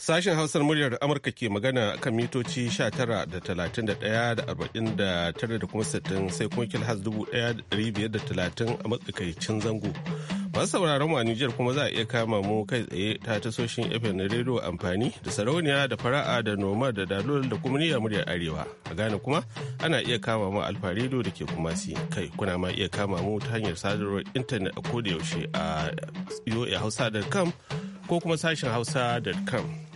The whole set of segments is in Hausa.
Sashen Hausar muryar Amurka ke magana kan mitoci 19 da 31 da 49 da kuma 60 sai kuma kilhas 1530 a matsakaicin zango. Masu sauraron a Nijar kuma za a iya kama mu kai tsaye ta tasoshin FM na rediyo amfani da sarauniya da fara'a da noma da dalol da kuma niyyar muryar arewa. A Ghana kuma ana iya kama mu alfa rediyo da ke kuma si kai kuna ma iya kama mu ta hanyar sadarwar intanet a koda yaushe a hausa.com ko kuma sashen hausa.com.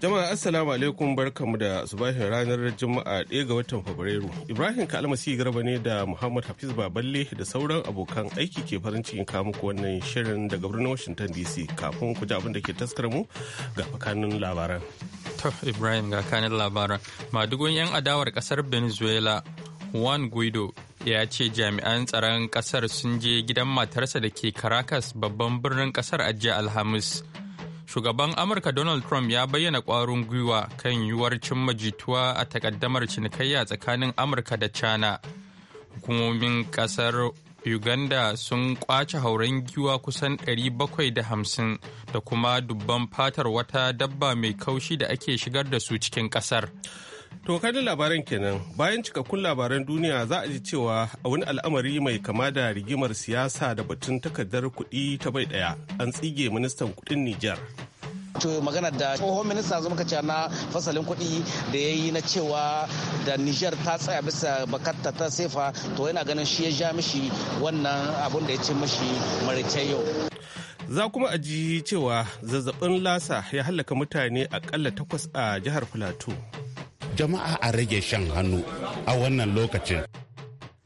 Jama'a Assalamu alaikum barkamu da subahin ranar Juma'a ɗaya ga watan Fabrairu. Ibrahim Kalmasi Garba ne da Muhammad Hafiz Baballe da sauran abokan aiki ke farin cikin muku wannan shirin daga birnin Washington DC kafin ku ji abin da ke taskar mu ga fakanin labaran. To Ibrahim ga kanin labaran. Madugun 'yan adawar kasar Venezuela Juan Guido ya ce jami'an tsaron kasar sun je gidan matarsa da ke Caracas babban birnin kasar a jiya Alhamis. shugaban amurka donald trump ya bayyana kwarin gwiwa kan yiwuwar cimma jituwa a takaddamar cinikayya tsakanin amurka da china hukumomin kasar uganda sun kwace hauren giwa kusan 750 da kuma dubban fatar wata dabba mai kaushi da ake shigar da su cikin kasar To kanin labaran kenan bayan cikakkun labaran duniya za a ji cewa a wani al'amari mai kama da rigimar siyasa da batun takardar kuɗi ta bai ɗaya an tsige ministan kuɗin Nijar. to magana da tsohon minista zama kace na fasalin kuɗi da ya yi na cewa da Nijar ta tsaya bisa bakatta ta sefa to yana ganin shi ya ja mishi wannan abun da ya ce mishi marice yau. Za kuma a ji cewa zazzabin lasa ya hallaka mutane akalla takwas a jihar Filato. jama'a a rage shan hannu a wannan lokacin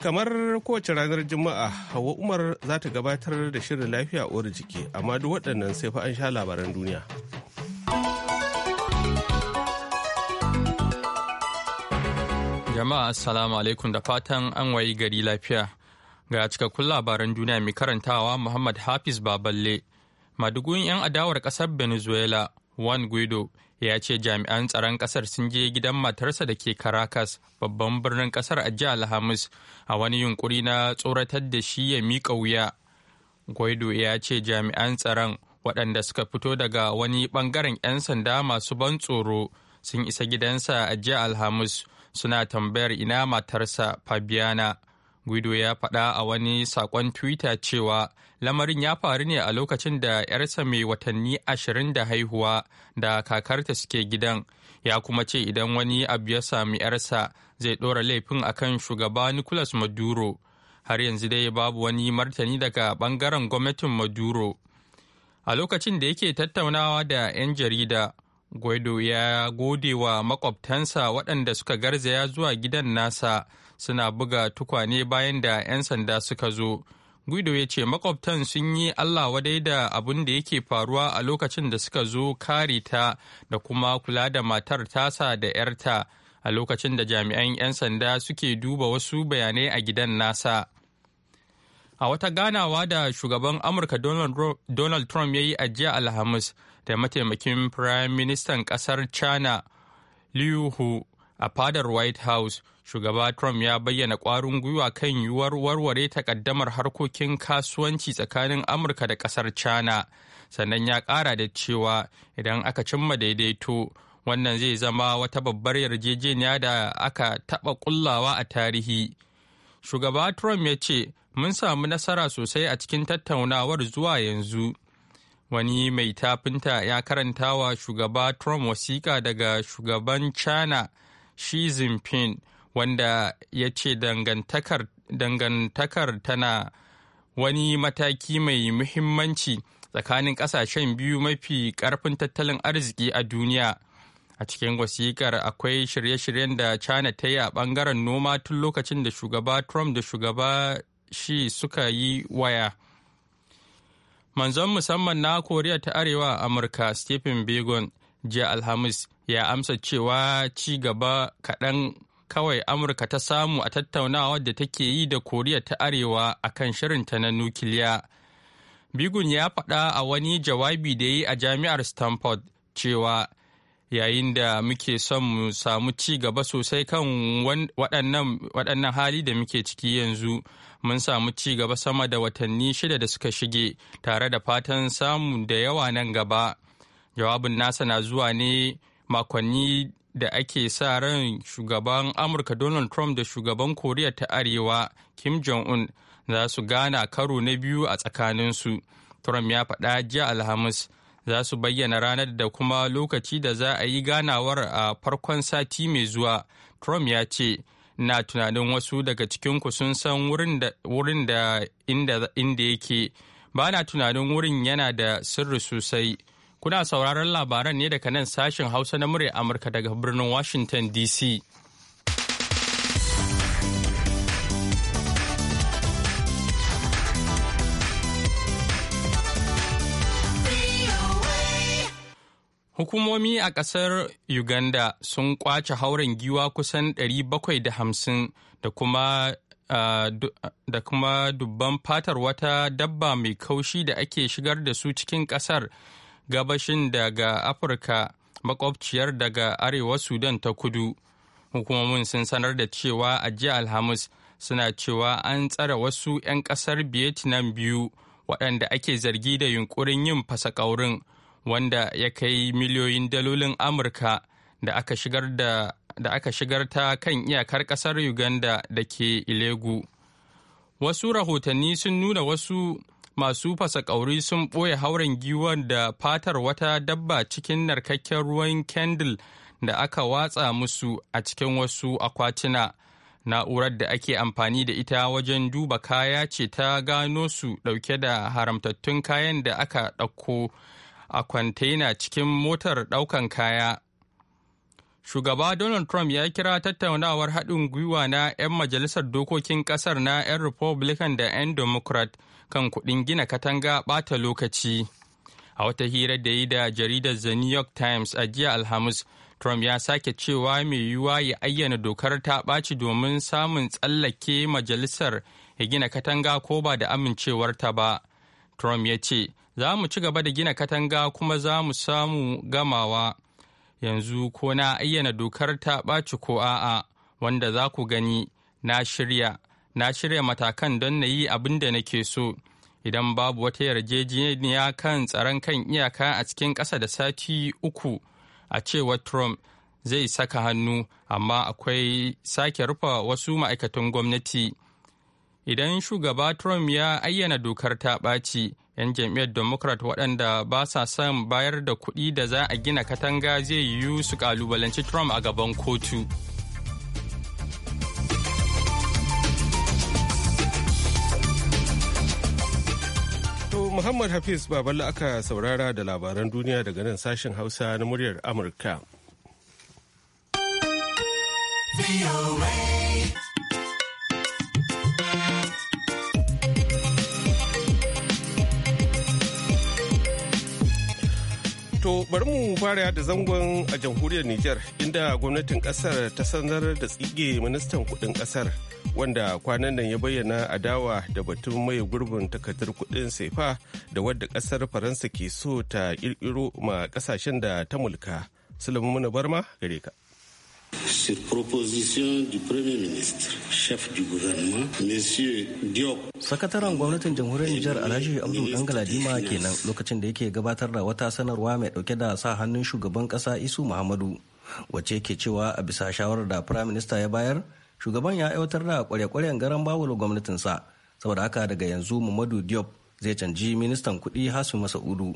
kamar kowace ranar juma'a hawa umar za ta gabatar da shirin lafiya uwar jiki amma duk waɗannan sai fa an sha labaran duniya jama'a assalamu alaikum da fatan an wayi gari lafiya ga cikakkun labaran duniya mai karantawa muhammad hafiz baballe madugun 'yan adawar ƙasar venezuela juan guido ya ce jami'an tsaron kasar sun je gidan matarsa da ke caracas babban birnin kasar a jiya alhamis a wani yunkuri na tsoratar da shi ya mika wuya guaido ya ce jami'an tsaron waɗanda suka fito daga wani ɓangaren 'yan sanda masu ban tsoro sun isa gidansa a jiya alhamis suna tambayar ina matarsa fabiana Guido ya faɗa a wani saƙon Twitter cewa lamarin ya faru ne a lokacin da 'yarsa mai watanni ashirin da haihuwa da kakarta suke gidan. Ya kuma ce idan wani abu ya sami 'yarsa zai ɗora laifin a kan shugaba Nicolas Maduro. Har yanzu dai babu wani martani daga ɓangaren gwamnatin Maduro. A lokacin da yake tattaunawa da 'yan jarida, Guido ya gode wa makwabtansa waɗanda suka garzaya zuwa gidan nasa. suna buga tukwane bayan da 'yan sanda suka zo. Guido ya ce makwabtan sun yi Allah wadai da abin da yake faruwa a lokacin da suka zo kare ta da kuma kula da matar tasa da 'yarta a lokacin da jami'an 'yan sanda suke duba wasu bayanai a gidan nasa. A wata ganawa da shugaban Amurka Donald Trump ya yi ajiya Alhamis da mataimakin Firayim Ministan ƙasar China Liu Hu a fadar White House. shugaba trump ya bayyana kwarin gwiwa kan yiwuwar warware takaddamar harkokin kasuwanci tsakanin amurka da ƙasar china sannan ya kara da cewa idan aka cimma daidaito wannan zai zama wata babbar yarjejeniya da aka taɓa ƙullawa a tarihi shugaba trump ya ce mun samu nasara sosai a cikin tattaunawar zuwa yanzu wani mai tafinta ya karanta wa shugaba trump wasiƙa daga shugaban china xi jinping wanda ya ce dangantakar, tana wani mataki mai muhimmanci tsakanin ƙasashen biyu mafi ƙarfin tattalin arziki a duniya. A cikin wasikar akwai shirye-shiryen da China ta yi a ɓangaren noma tun lokacin da shugaba Trump da shugaba shi suka yi waya. Manzon musamman na Koriya ta Arewa Amurka Stephen Begon jiya Alhamis ya amsa cewa ci gaba kaɗan kawai Amurka ta samu a tattaunawa da take yi da Koriya ta Arewa a kan shirinta na nukiliya. Bigun ya faɗa a wani jawabi da yi a jami'ar Stanford cewa yayin da muke son mu samu ci gaba sosai kan waɗannan hali da muke ciki yanzu mun samu ci gaba sama da watanni shida da suka shige tare da fatan samu da yawa nan gaba jawabin nasa na zuwa ne makonni da ake sa ran shugaban amurka donald trump da shugaban koriya ta arewa kim jong-un za su gana karo na biyu a tsakaninsu trump ya faɗa jiya alhamis za su bayyana ranar da kuma lokaci da za a yi ganawar a farkon sati mai zuwa trump ya ce na tunanin wasu daga cikinku sun san wurin da inda yake ba na tunanin wurin yana da sirri sosai Kuna sauraron labaran ne daga nan sashen Hausa na murya Amurka daga birnin Washington DC. Hukumomi a ƙasar Uganda sun kwace hauren giwa kusan 750 da kuma Uh, da kuma dubban fatar wata dabba mai kaushi da ake shigar da su cikin kasar. gabashin daga afirka makwabciyar daga arewa sudan ta kudu hukumomin sun sanar da cewa a jiya alhamis suna cewa an tsare wasu 'yan kasar vietnam biyu waɗanda ake zargi da yunkurin yin fasakaurin wanda ya kai miliyoyin dalolin amurka da aka shigar da aka shigar ta kan iyakar kasar uganda da ke ilegu wasu rahotanni sun nuna wasu masu fasa ƙauri sun ɓoye hauren giwon da fatar wata dabba cikin narkakken ruwan kendil da aka watsa musu a cikin wasu akwatina. Na'urar da ake amfani da ita wajen duba kaya ce ta gano su ɗauke da haramtattun kayan da aka ɗauko a kwantaina cikin motar ɗaukan kaya Shugaba Donald Trump ya kira tattaunawar haɗin gwiwa na 'yan majalisar dokokin ƙasar na 'yan Republican da 'yan Democrat kan kuɗin gina katanga ɓata lokaci. A wata hira da yi da jaridar The New York Times a jiya Alhamis, Trump ya sake cewa mai yiwuwa ya ayyana dokar ta ɓaci domin samun tsallake majalisar ya gina katanga ko ba da amincewarta ba. Trump ya ce, Za mu ci gaba da gina katanga kuma za mu samu gamawa. yanzu ko na ayyana dokar ta ɓaci ko a'a wanda za ku gani na shirya na shirya matakan don na yi abin da nake so idan babu wata yarjejeniya kan tsaron kan iyaka a cikin ƙasa da sati uku a cewar trump zai saka hannu amma akwai sake rufa wasu ma'aikatan gwamnati idan shugaba trump ya ayyana dokar ta ɓaci 'yan jam'iyyar democrat waɗanda ba sa son bayar da kuɗi da za a gina katanga zai yiwu su ƙalubalenci trump a gaban kotu Muhammad Hafiz Baballa aka saurara da labaran duniya daga nan sashen Hausa na muryar Amurka. To bari mu fara da zangon a jamhuriyar Nijar inda gwamnatin kasar ta sanar da tsige ministan kudin kasar wanda kwanan nan ya bayyana adawa da batun mai gurbin takardar kudin sefa da wadda kasar Faransa ke so ta kirkiro ma kasashen da ta mulka. Muna Barma gare ka. Sur proposition du Premier ministre, chef du gouvernement, Monsieur Diop. Sakataren gwamnatin jamhuriyar Nijar Alhaji Abdul dima kenan lokacin da yake gabatar da wata sanarwa mai dauke da sa hannun shugaban kasa Isu Muhammadu Wace ke cewa a bisa shawarar da Prime Minister ya bayar, shugaban ya aiwatar da kware-kwaren garan bawul gwamnatinsa. Saboda haka daga yanzu Muhammadu Diop zai canji ministan kuɗi Hasu Masa'udu.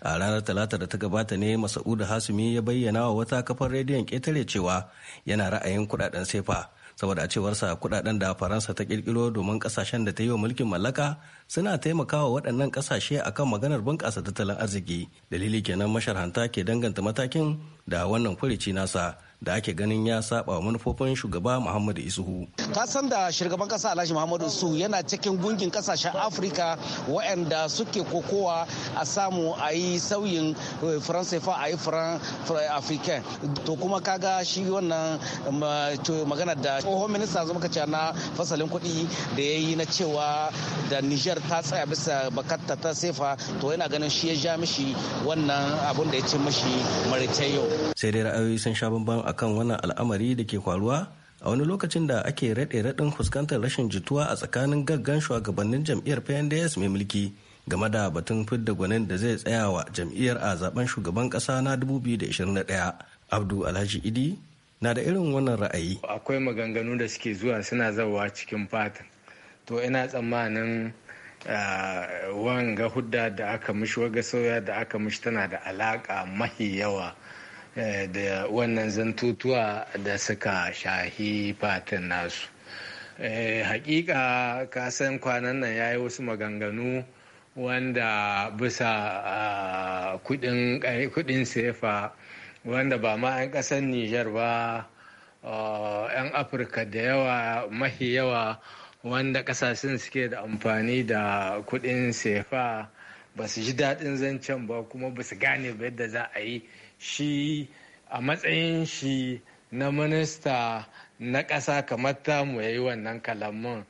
a ranar talata da ta gabata ne masa'udu hasumi ya bayyana wa wata kafar rediyon ketare cewa yana ra'ayin kudaden sefa saboda a cewarsa kudaden da faransa ta kirkiro domin kasashen da ta yi wa mulkin mallaka suna taimakawa waɗannan kasashe akan maganar bunƙasa tattalin arziki dalili kenan masharhanta ke danganta matakin da wannan furici nasa da ake ganin ya saba manufofin shugaba muhammadu isuhu ka san da shugaban kasa alhaji muhammadu su yana cikin gungin kasashen afirka waɗanda suke kokowa a samu a yi sauyin eh, faransa a yi Afirka to kuma kaga shi wannan magana da tsohon minista zama ka na fasalin kuɗi da ya yi na cewa da niger ta tsaya bisa bakatta ta sefa to yana ganin shi ya ja mishi wannan abun da ya ce mishi marita yau sai dai ra'ayoyi sun sha bambam a akan wannan al'amari da ke faruwa a wani lokacin da ake raɗe raɗin fuskantar rashin jituwa a tsakanin gaggan shugabannin jam'iyyar pnds mai mulki game da batun fidda gwanin da zai tsaya wa jam'iyyar a zaben shugaban ƙasa na 2021 abdu alhaji idi na da irin wannan ra'ayi akwai maganganu da suke zuwa suna zawa cikin fatan to ina tsammanin ah, wanga hudda da aka mishi waga sauya da aka mishi tana da alaƙa mahi yawa Eh, da wannan zantutuwa da suka shahi fatin nasu eh, hakika kasan kwanan nan ya yi wasu maganganu wanda bisa ah, kudin eh, sefa wanda ba ma 'yan kasan nijar ba 'yan ah, afirka da yawa mahi yawa wanda kasashen suke da amfani da kudin sefa ba su ji daɗin zancen ba kuma ba su gane yadda za a yi shi a matsayin shi na minista na ƙasa kamar ta mu yayi wannan kalamun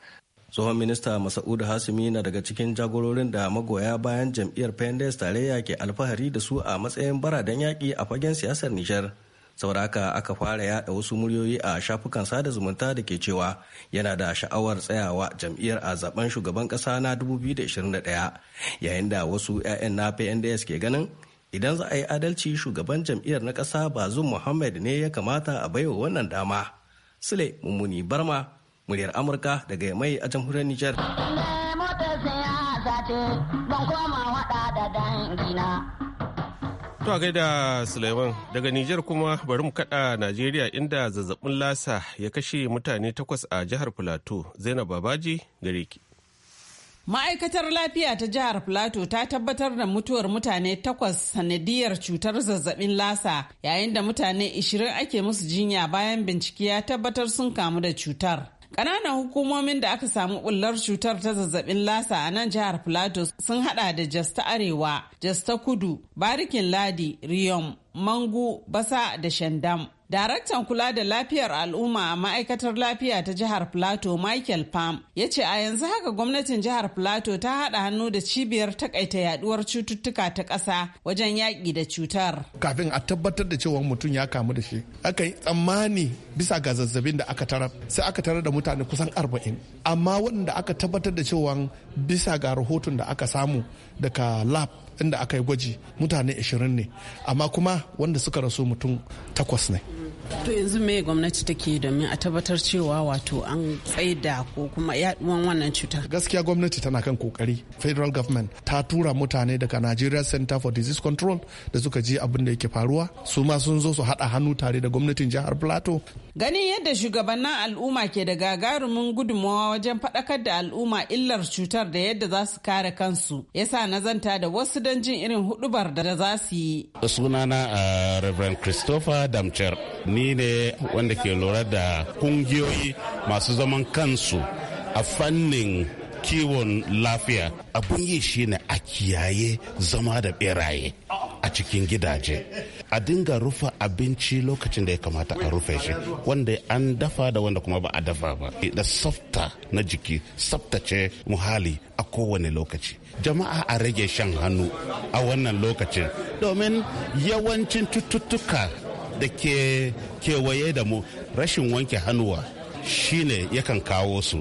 tsohon minista masa'udu hasimi na daga cikin jagororin da magoya bayan jam'iyyar pendes tarayya ke alfahari da su a matsayin baradan yaƙi a fagen siyasar nijar sauraka aka fara yaɗa wasu muryoyi a shafukan sada zumunta da ke cewa yana da sha'awar tsayawa jam'iyyar a zaben shugaban ƙasa na 2021 yayin da wasu 'ya'yan na pnds ke ganin idan za a yi adalci shugaban jam'iyyar na ƙasa bazum muhammad ne ya kamata a baiwa wannan dama sule mummuni barma muryar amurka daga mai a jamhuriyar nijar To gaida Suleiman daga Nijar kuma bari mu kada Najeriya inda zazzabin lasa ya kashe mutane takwas a jihar Filato Zainab Babaji gare Ma'aikatar lafiya ta jihar Plateau ta tabbatar da mutuwar mutane takwas sanadiyar cutar zazzabin lasa yayin da mutane 20 ake musu jinya bayan bincike ya tabbatar sun kamu da cutar. Ƙananan hukumomin da aka samu bullar cutar ta zazzabin lasa a nan jihar Plateau sun hada da Jasta Arewa, Jasta Kudu, Barikin Ladi, Riyom, Mangu, Basa da Shandam. Daraktan kula da lafiyar al'umma a ma'aikatar lafiya ta jihar Plateau Michael Pam ya ce a yanzu haka gwamnatin jihar Plateau ta haɗa hannu da cibiyar takaita yaduwar cututtuka ta ƙasa wajen yaƙi da cutar. Kafin a tabbatar da cewa mutum ya kamu da shi, aka yi tsammani bisa ga zazzabin da aka tarar sai aka tarar da mutane kusan arba'in. Amma waɗanda aka tabbatar da cewa bisa ga rahoton da aka samu daga lab inda aka yi gwaji mutane 20 ne amma kuma wanda suka rasu mutum takwas ne to yanzu me gwamnati take domin a tabbatar cewa wato an tsaida ko kuma yaduwan wannan cuta. gaskiya gwamnati tana kan kokari federal government ta tura mutane daga nigeria center for disease control da suka je abin da yake faruwa su ma sun zo su hada hannu tare da gwamnatin jihar plateau ganin yadda shugabannin al'umma ke da gagarumin gudunmawa wajen faɗakar da al'umma illar cutar da yadda za su kare kansu yasa nazanta da wasu da don jin irin hudubar da za su yi. Sunana a uh, Reverend Christopher Damcher ni ne wanda ke lura da kungiyoyi masu zaman kansu a fannin kiwon lafiya abun yi ne a kiyaye zama da beraye a cikin gidaje a dinga rufe abinci lokacin da ya kamata a rufe shi wanda an dafa da wanda kuma ba a dafa ba da tsafta na jiki tsaftace muhali a kowane lokaci jama'a a rage shan hannu a wannan lokacin domin yawancin cututtuka da ke kewaye da mu rashin wanke hannuwa shine yakan kawo su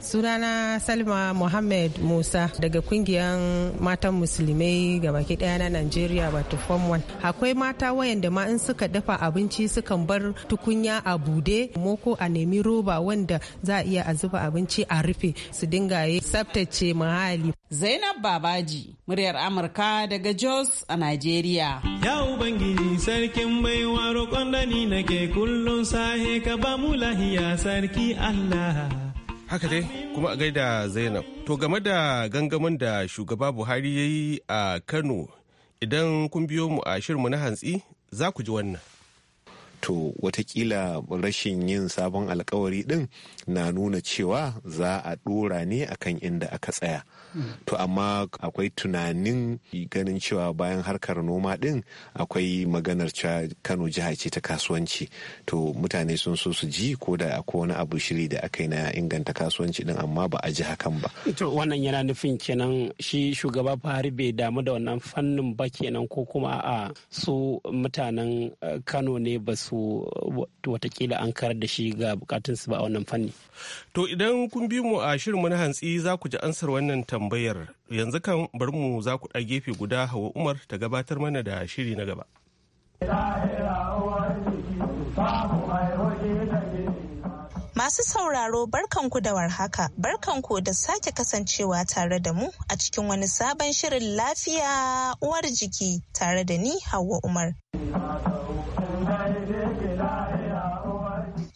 sunana salma mohammed musa daga kungiyar matan musulmai baki daya na nigeria wato form one akwai mata wayanda ma in suka dafa abinci suka bar tukunya a bude moko a nemi roba wanda za a iya a zuba abinci a rufe su dinga yi tsaftace muhalli zainab babaji muryar amurka daga jos a nigeria ya ubangiji sarkin baiwa roƙon dani nake kullum sahe ka ba mu lahiya sarki allah haka dai kuma a gaida zainab to game da gangamin da shugaba buhari ya yi a kano idan kun biyo mu a shirmu na hantsi za ku ji wannan to watakila rashin yin sabon alkawari din na nuna cewa za a dora ne akan inda aka tsaya to amma akwai tunanin ganin cewa bayan harkar noma din akwai maganar cewa kano jiha ce ta kasuwanci to mutane sun so su ji ko da akwai wani abu shiri da aka yi na inganta kasuwanci din amma ba a ji hakan ba to wannan yana nufin kenan shi shugaba buhari bai damu da wannan fannin ba kenan ko kuma a su mutanen eh, kano ne ba su su watakila an karar da shi ga bukatunsu ba a wannan fanni. To idan kun bi mu a shirin na hantsi za ku ji ansar wannan tambayar yanzu kan bar mu za ku ɗa gefe guda hawa Umar ta gabatar mana da shiri na gaba. Masu sauraro barkanku da warhaka, barkanku da sake kasancewa tare da mu a cikin wani sabon shirin lafiya uwar jiki tare da ni Hauwa Umar.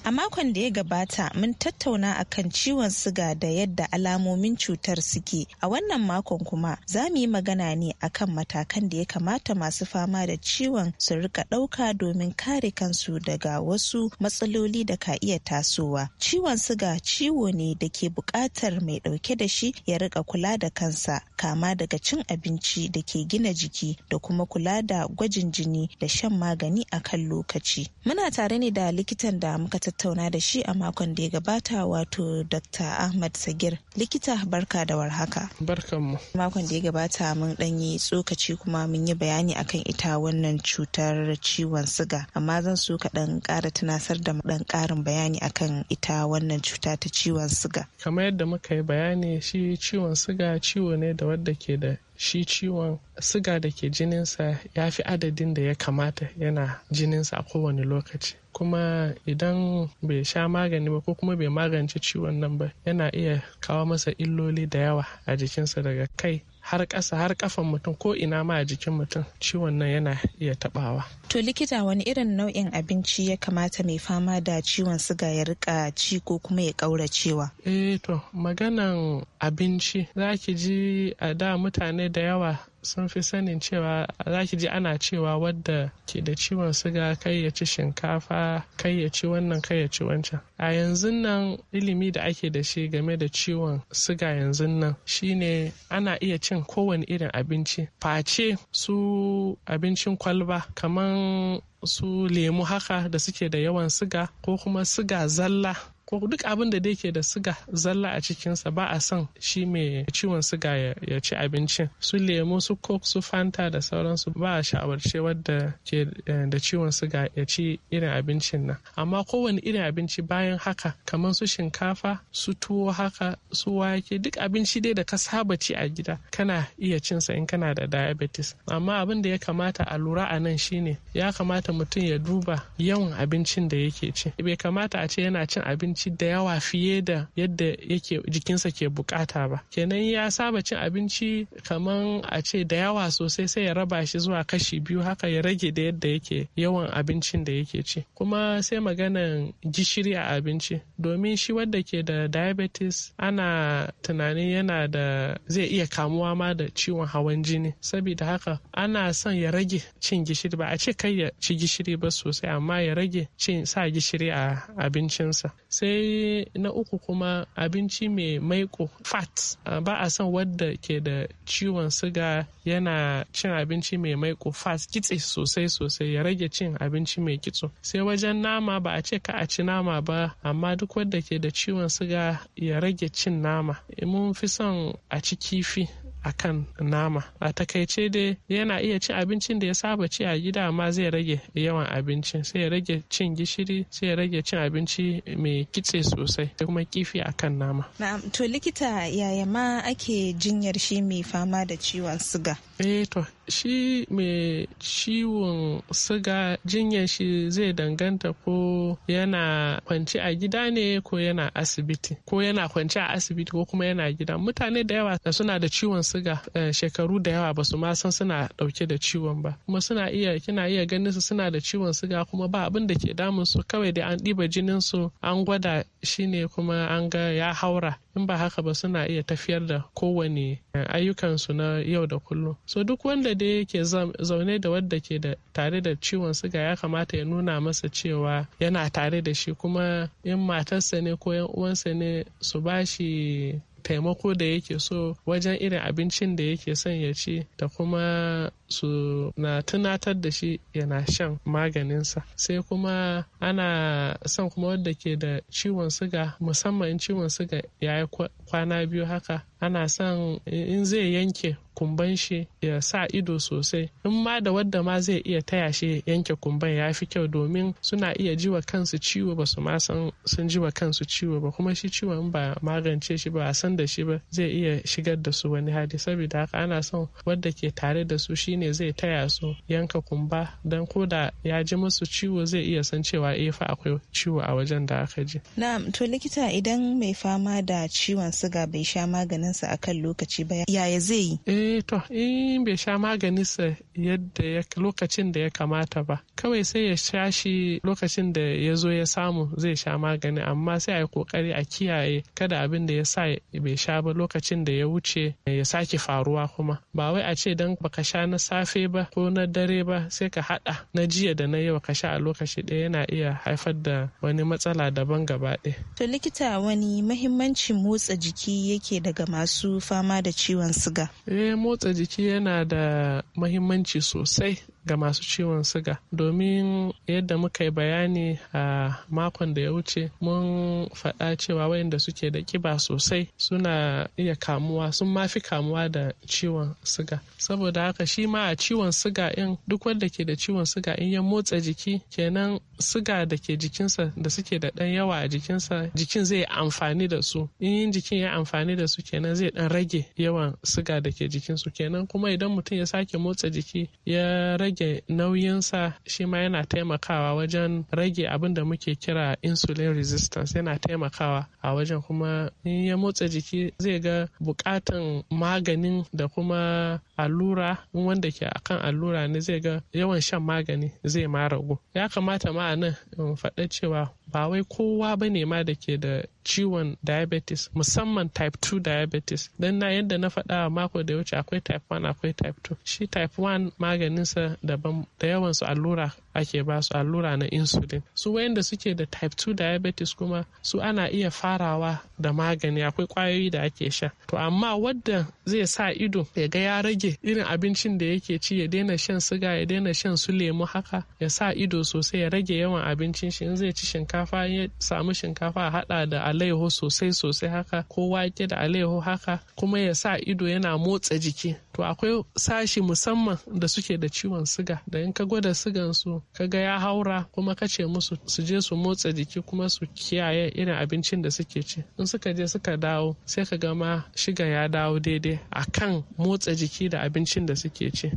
A makon da ya gabata mun tattauna a kan ciwon siga da yadda alamomin cutar suke. A wannan makon kuma za mu yi magana ne a kan matakan da ya kamata masu fama da ciwon su rika ɗauka domin kare kansu daga wasu matsaloli da ka iya tasowa. Ciwon siga ciwo ne da ke buƙatar mai ɗauke da shi ya rika kula da kansa kama daga cin abinci da ke gina jiki da kuma kula da gwajin jini da shan magani a kan lokaci. Muna tare ne da likitan da muka tattauna da shi a makon da ya gabata wato Dr. Ahmad Sagir. Likita barka da warhaka. Barkanmu. Makon da ya gabata mun yi tsokaci kuma mun yi bayani akan ita wannan cutar ciwon siga amma zan so ka kaɗan kara tunasar da ɗan karin bayani akan ita wannan cuta ta ciwon siga. Kamar yadda muka yi bayani shi ciwon siga ciwo ne da wadda ke da shi ciwon siga da ke jininsa ya fi adadin da ya kamata yana jininsa a kowane lokaci kuma idan bai sha magani ba ko kuma bai magance ciwon nan ba yana iya kawo masa illoli da yawa a jikinsa daga kai har ƙasa har ƙafan mutum ko ina ma a jikin mutum ciwon nan yana iya taɓawa. To likita wani irin nau'in abinci ya kamata mai fama da ciwon siga ya rika ci ko kuma ya ƙauracewa? Eh to maganan abinci za ki ji a da mutane da yawa sun fi sanin cewa za ki ji ana cewa wadda ke da ciwon siga kai ya ci shinkafa kai ya ci wannan kai ya ci wancan a yanzu nan ilimi da ake da shi game da ciwon siga yanzu nan shine ana iya cin kowane irin abinci face su abincin kwalba kaman su lemu haka da suke da yawan siga ko kuma siga zalla ko duk abin da ke da suga zalla a cikinsa ba a son shi mai ciwon suga ya ci abincin su lemu su coke su fanta da sauransu ba a sha'awarce wadda ke eh, da ciwon suga ya ci irin abincin nan amma kowane irin abinci bayan haka kamar su shinkafa su tuwo haka su wake duk abinci dai da ka saba ci a gida kana iya cinsa in kana da diabetes amma abin da ya kamata a lura a nan shine ya kamata mutum ya duba yawan abincin da yake ci bai kamata a ce yana cin abinci abinci da yawa fiye da yadda yake jikinsa ke bukata ba kenan ya saba cin abinci kaman a ce da yawa sosai sai ya raba shi zuwa kashi biyu haka ya rage da yadda yake yawan abincin da yake ci kuma sai maganan gishiri a abinci domin shi wadda ke da diabetes ana tunanin yana da zai iya kamuwa ma da ciwon hawan jini saboda haka ana son ya rage cin gishiri ba a ce kai ya ci gishiri ba sosai amma ya rage cin sa gishiri a abincinsa sai na uku kuma abinci mai maiko fat ba a son wadda ke da ciwon siga yana cin abinci mai maiko fat kitse sosai sosai ya rage cin abinci mai kitso sai wajen nama ba a ce ka a ci nama ba amma duk wadda ke da ciwon siga ya rage cin nama mun fi son a ci kifi akan nama a takaice dai yana iya cin abincin da ya saba ci a gida amma zai rage yawan abincin sai ya rage cin gishiri sai ya rage cin abinci mai kitse sosai da kuma kifi akan nama na'am to likita yaya ma ake jinyar shi mai fama da ciwon siga eh to shi mai ciwon siga jinyar shi zai danganta ko yana kwanci a gida ne ko yana asibiti ko yana kwanci a asibiti ko kuma yana gida mutane da yawa suna da ciwon siga eh, shekaru da yawa ba su ma san suna dauke da ciwon ba kuma suna iya kina iya ganin su suna da ciwon siga kuma ba abin da ke damun su kawai da an ɗiba jinin su an gwada shine kuma an ga ya haura in ba haka ba suna iya tafiyar da kowane eh, ayyukansu na yau da kullum so duk wanda da yake zaune da wadda ke da tare da ciwon siga ya kamata ya nuna masa cewa yana tare da shi kuma in matarsa ne ko yan uwansa ne su bashi taimako da yake so wajen irin abincin da yake son ya ci da kuma su na tunatar da shi yana shan maganinsa sai kuma ana son kuma wadda ke da ciwon suga musamman ciwon suga ya yi kwana biyu haka ana son in zai yanke kumban shi ya sa ido sosai in ma da wadda ma zai iya taya shi yanke kumban ya fi kyau domin suna iya jiwa kansu ciwo ba su ma san sun jiwa kansu ciwo ba kuma shi ciwon ba magance shi ba a san da shi ba zai iya shigar da su wani hali saboda haka ana son wadda ke tare da su shine zai taya su yanka kumba don ko da ya ji musu ciwo zai iya san cewa e fa akwai ciwo a wajen da aka ji. na'am to likita idan mai fama da ciwon suga bai sha maganin maganinsa a kan lokaci ba yaya zai yi? Eh to in bai sha maganinsa yadda ya lokacin da ya kamata ba kawai sai ya sha shi lokacin da ya zo ya samu zai sha magani amma sai a yi kokari a kiyaye kada abin da ya sa bai sha ba lokacin da ya wuce ya sake faruwa kuma ba wai a ce dan baka sha na safe ba ko na dare ba sai ka hada na jiya da na yau ka sha a lokaci ɗaya yana iya haifar da wani matsala daban gaba ɗaya. To likita wani mahimmancin motsa jiki yake daga masu fama da ciwon siga? Eh motsa jiki yana da mahimmanci sosai ga masu ciwon siga domin yadda muka yi bayani a makon da ya wuce mun faɗa cewa wayanda suke da kiba sosai suna iya kamuwa sun mafi kamuwa da ciwon siga saboda haka shi ma a ciwon siga in duk wanda ke da ciwon siga in ya motsa jiki kenan siga da ke jikinsa da suke da ɗan yawa a jikinsa jikin zai amfani da su in jikin ya amfani da su kenan zai ɗan rage yawan siga da ke jikinsu kenan kuma idan mutum ya sake motsa jiki ya rage rage nauyinsa shi ma yana taimakawa wajen rage abin da muke kira insulin resistance yana taimakawa a wajen kuma in ya motsa jiki zai ga bukatan maganin da kuma allura wanda ke akan allura ne zai ga yawan shan magani zai ma ragu ya kamata ma nan in faɗa cewa ba wai kowa ba ne ma da ke da ciwon diabetes musamman type 2 diabetes don na yadda na faɗa a mako da ya wuce akwai type 1 akwai type 2 shi type 1 maganinsa daban da yawansu allura ake ba su allura na insulin su wayanda suke da type 2 diabetes kuma su ana iya farawa da magani akwai kwayoyi da ake sha to amma wadda zai sa ido ya ga ya rage irin abincin da yake ci ya daina shan siga ya daina shan su lemu haka ya sa ido sosai ya rage yawan abincin shi in zai ci shinkafa ya samu shinkafa a hada da alaiho sosai sosai haka ko wake da alaiho haka kuma ya sa ido yana motsa jiki to akwai sashi musamman da suke da ciwon siga da in ka gwada sigan su kaga ya haura kuma ka ce musu su je su motsa jiki kuma su kiyaye irin abincin da suke ci in suka je suka dawo sai ka gama shiga ya dawo daidai a kan motsa jiki da abincin da suke ci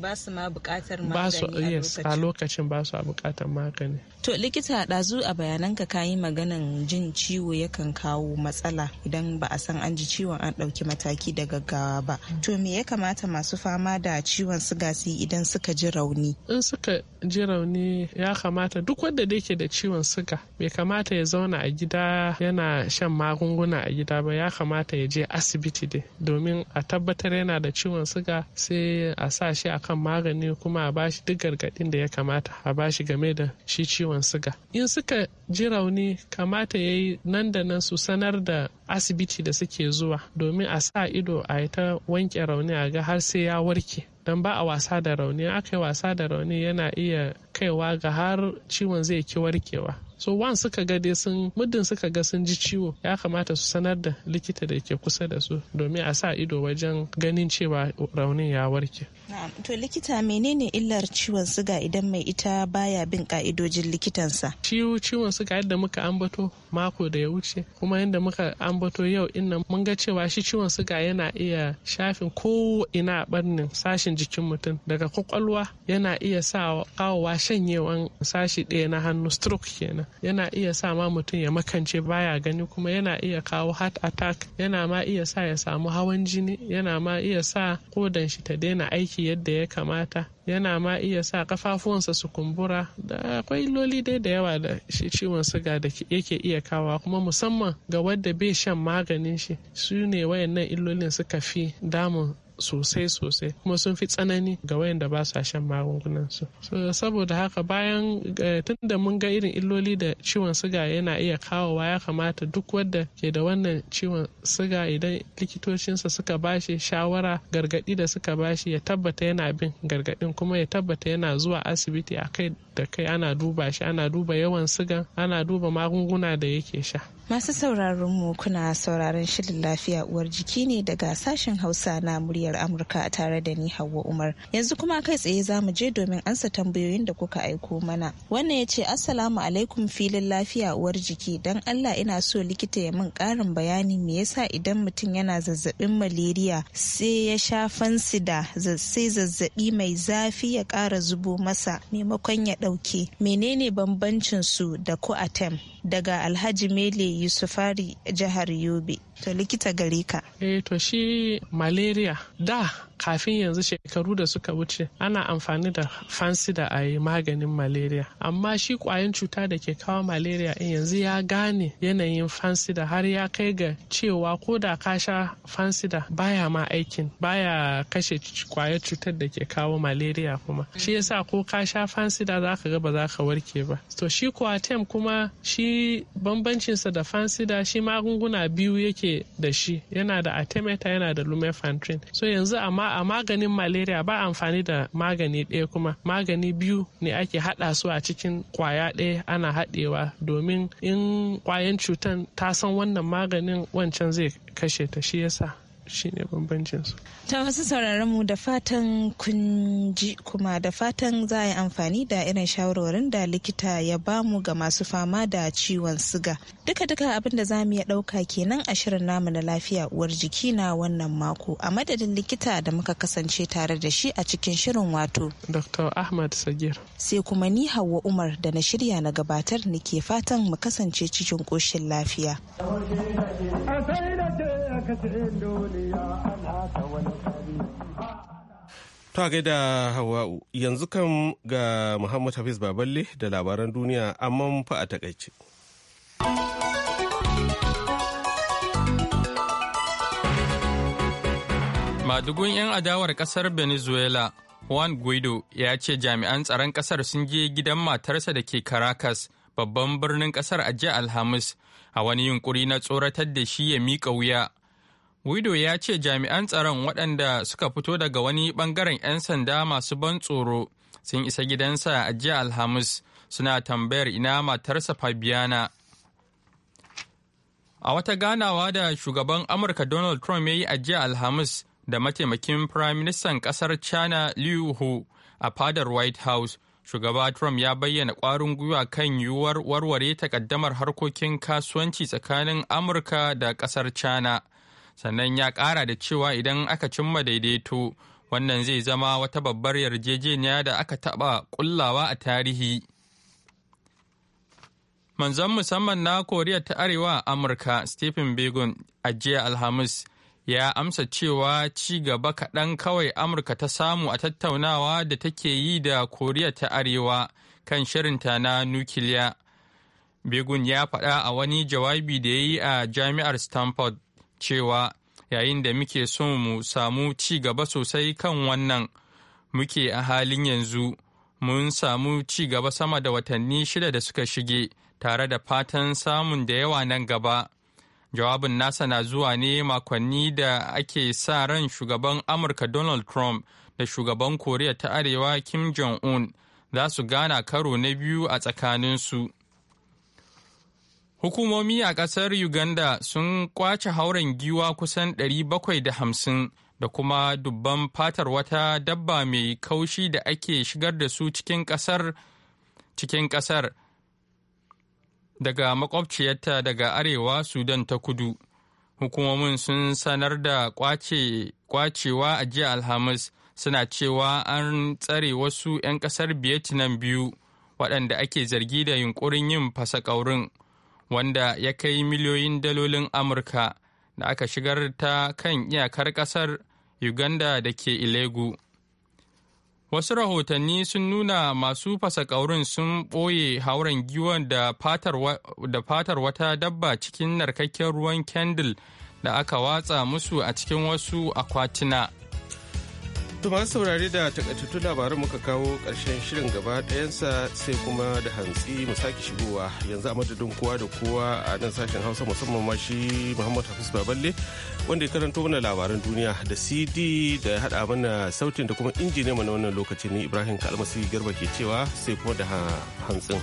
ba su magani a lokacin ba su a bukatar magani to likita ɗazu a bayananka ka yi maganan jin ciwo yakan kawo matsala idan ba a san an ji ciwon an ɗauki mataki da gaggawa ba to me ya kamata masu fama da ciwon suga su idan suka ji rauni in suka ji rauni ya kamata duk wanda da yake da ciwon suga bai kamata ya zauna a gida yana shan magunguna a gida ba ya kamata ya je asibiti dai domin a tabbatar yana da ciwon suga sai a sa shi akan magani kuma a bashi duk gargadin da ya kamata a shi game da shi ciwon suga in suka ji rauni kamata ya yi nan da nan su sanar da asibiti da suke zuwa domin a sa ido a ta wanke rauni a ga har sai ya warke don ba a wasa da rauni aka yi wasa da rauni yana iya kaiwa ga har ciwon zai ki warkewa so wan suka ga dai sun muddin suka ga sun ji ciwo ya kamata su sanar da likita da ke kusa da su domin a sa ido wajen ganin cewa raunin ya warke To likita menene illar ciwon suga idan mai ita baya bin ka'idojin likitansa? Ciwo ciwon suga yadda muka ambato mako da ya wuce kuma yadda muka ambato yau inna mun ga cewa shi ciwon suga yana iya shafin ko ina barnin sashin jikin mutum daga kwakwalwa yana iya sa kawowa shanyewan sashi ɗaya na hannu stroke kenan yana iya sa ma mutum ya makance baya gani kuma yana iya kawo heart attack yana ma iya sa ya samu hawan jini yana ma iya sa kodan shi ta daina aiki yadda ya kamata yana ma iya sa kafafuwansa su kumbura da akwai illoli dai da yawa da shi ciwon suga da yake iya kawa kuma musamman ga wadda bai shan maganin shi su ne wayannan illolin suka fi damun sosai sosai kuma sun fi tsanani ga wayanda ba sa shan magungunan su saboda haka bayan eh, tun da mun ga irin illoli da ciwon siga yana iya kawowa ya kamata duk wanda ke da wannan ciwon siga idan likitocinsa suka bashi shawara gargadi da suka bashi ya tabbata yana bin gargadin kuma ya tabbata yana zuwa asibiti a kai da kai ana duba shi ana duba yawan siga ana duba magunguna da yake sha Masu sauraron mu kuna sauraron shirin lafiya uwar jiki ne daga sashen Hausa na muryar Amurka tare da ni Hauwa Umar. Yanzu kuma kai tsaye za mu je domin ansa tambayoyin da kuka aiko mana. Wannan ya ce Assalamu alaikum filin lafiya uwar jiki Don Allah ina so likita ya min karin bayani me yasa idan mutum yana zazzabin malaria sai ya sha fansida sai zazzabi mai zafi ya kara zubo masa maimakon ya dauke menene bambancin su da atem daga Alhaji Mele Yusufari jihar Yobe. to likita gare ka eh to shi malaria da kafin yanzu shekaru da suka wuce ana amfani da fansida a yi maganin malaria amma shi kwayan cuta da ke kawo malaria in yanzu ya gane yanayin fansida har ya kai ga cewa ko da kasha sha fansida baya ma aikin baya kashe kwayar cutar da ke kawo malaria kuma shi yasa ko kasha sha fansida za ka ga ba za ka warke ba to shi coatem kuma shi bambancinsa da fansida shi magunguna biyu yake da shi yana da artemata yana da lumefantrin so yanzu amma a maganin malaria ba amfani da magani ɗaya kuma magani biyu ne ake haɗa su a cikin kwaya ɗaya ana haɗewa domin in kwayan cutan ta san wannan maganin wancan zai kashe ta shi yasa shine ta masu sauraron mu da fatan kun ji kuma da fatan za a yi amfani da irin shawarwarin da likita ya bamu ga masu fama da ciwon siga duka duka abin da za mu iya ɗauka kenan a shirin namu na lafiya uwar jiki na wannan mako a madadin likita da muka kasance tare da shi a cikin shirin wato dr ahmad sagir sai kuma ni hawa umar da na shirya na gabatar nake fatan mu kasance cikin ƙoshin lafiya to a gaida Hawa'u yanzu kan ga Muhammad Hafiz Baballe da labaran duniya amma fa a takaice. Madugun 'yan adawar kasar Venezuela Juan Guido ya ce jami'an tsaron kasar sun je gidan matarsa da ke Caracas babban birnin kasar a jiya Alhamis a wani yunkuri na tsoratar da shi ya miƙa wuya wido ya ce jami'an tsaron waɗanda suka fito daga wani ɓangaren 'yan sanda masu ban tsoro sun isa gidansa a jiya Alhamis suna tambayar ina matarsa Fabiana. A wata ganawa da shugaban Amurka Donald Trump ya yi a jiya Alhamis da mataimakin Firaministan ƙasar China Liu Hu a fadar White House, shugaba Trump ya bayyana ƙwarin gwiwa kan yiwuwar warware takaddamar harkokin kasuwanci tsakanin Amurka da ƙasar China. sannan ya ƙara da cewa idan aka cimma daidaito wannan zai zama wata babbar yarjejeniya da aka taɓa ƙullawa a tarihi. Manzon musamman na Koriya ta Arewa Amurka Stephen Begun a jiya Alhamis ya amsa cewa ci gaba kaɗan kawai Amurka ta samu a tattaunawa da take yi da Koriya ta Arewa kan shirinta na nukiliya. Begun ya faɗa a wani jawabi da ya yi a jami'ar Stanford cewa yayin da muke so mu samu ci gaba sosai kan wannan muke a halin yanzu mun samu ci gaba sama da watanni shida da suka shige tare da fatan samun da yawa nan gaba jawabin nasa na zuwa ne makonni da ake sa ran shugaban amurka donald trump da shugaban koriya ta arewa kim jong-un za su gana karo na biyu a tsakaninsu. su Hukumomi a ƙasar Uganda sun kwace hauren giwa kusan 750 da kuma dubban fatar wata dabba mai kaushi da ake shigar da su cikin ƙasar cikin ƙasar daga makwabciyarta daga arewa Sudan ta kudu. Hukumomin sun sanar da kwacewa a jiya Alhamis suna cewa an tsare wasu 'yan ƙasar Vietnam biyu waɗanda ake zargi da yunkurin yin fasa ƙaurin. wanda ya kai miliyoyin dalolin amurka da aka shigar ta kan iyakar kasar uganda da ke ilegu wasu rahotanni sun nuna masu fasakaurin sun ɓoye hauren giwon da fatar wata dabba cikin narkakken ruwan kendil da aka watsa musu a cikin wasu akwatina. Tuma saurari da takaitattu labarin muka kawo karshen shirin gaba ɗayansa sai kuma da hantsi mu sake shigowa yanzu a madadin kowa da kowa a nan sashen Hausa musamman ma shi Muhammad Hafiz Baballe wanda ya karanto mana labaran duniya da CD da ya haɗa mana sautin da kuma injiniya mana wannan lokacin ne Ibrahim Kalmasi Garba ke cewa sai kuma da hantsin.